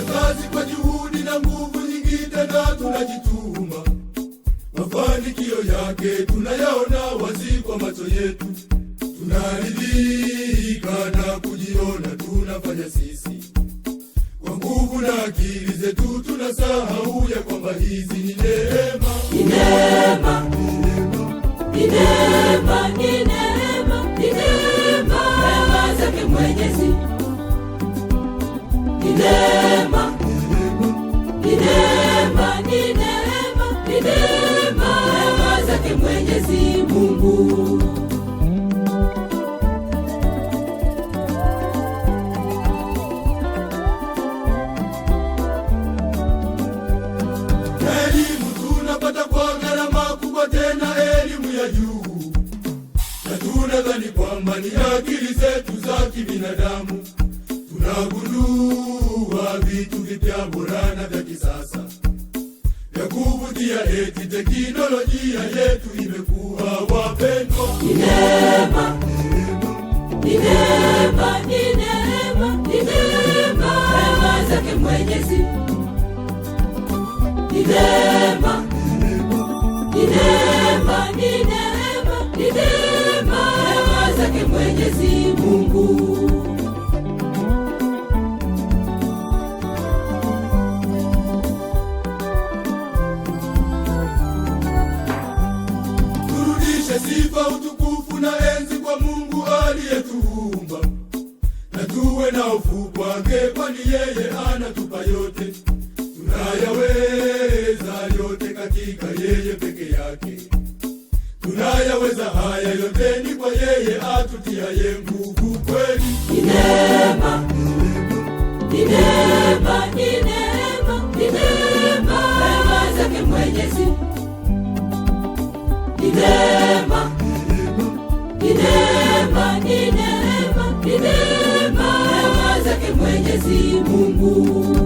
kazi kwa juhudi na nguvu nyingine, na tunajituma. Mafanikio yake tunayaona wazi kwa macho yetu, tunaridhika na kujiona tunafanya sisi kwa nguvu na akili zetu, tunasahau ya kwamba hizi ni neema ya juu, na tunadhani kwamba ni akili zetu za kibinadamu. Tunagundua vitu vipya borana vya kisasa vya kuvutia, eti teknolojia yetu imekuwa wapendwa, ni neema, ni neema, ni neema, ni neema zake Mwenyezi katika yeye peke yake. Tunayaweza haya yote, ni kwa yeye atutiaye nguvu. Kweli ni neema, ni neema, ni neema, ni neema, neema zake Mwenyezi, ni neema, ni neema, ni neema, ni neema, neema zake Mwenyezi Mungu.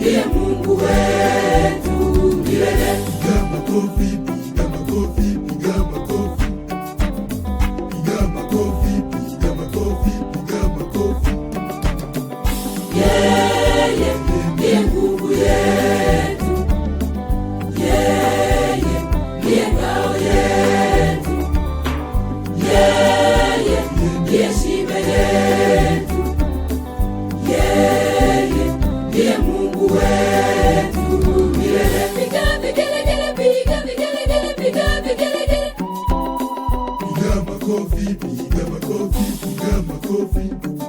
ndiye Mungu wewe. uma Covid.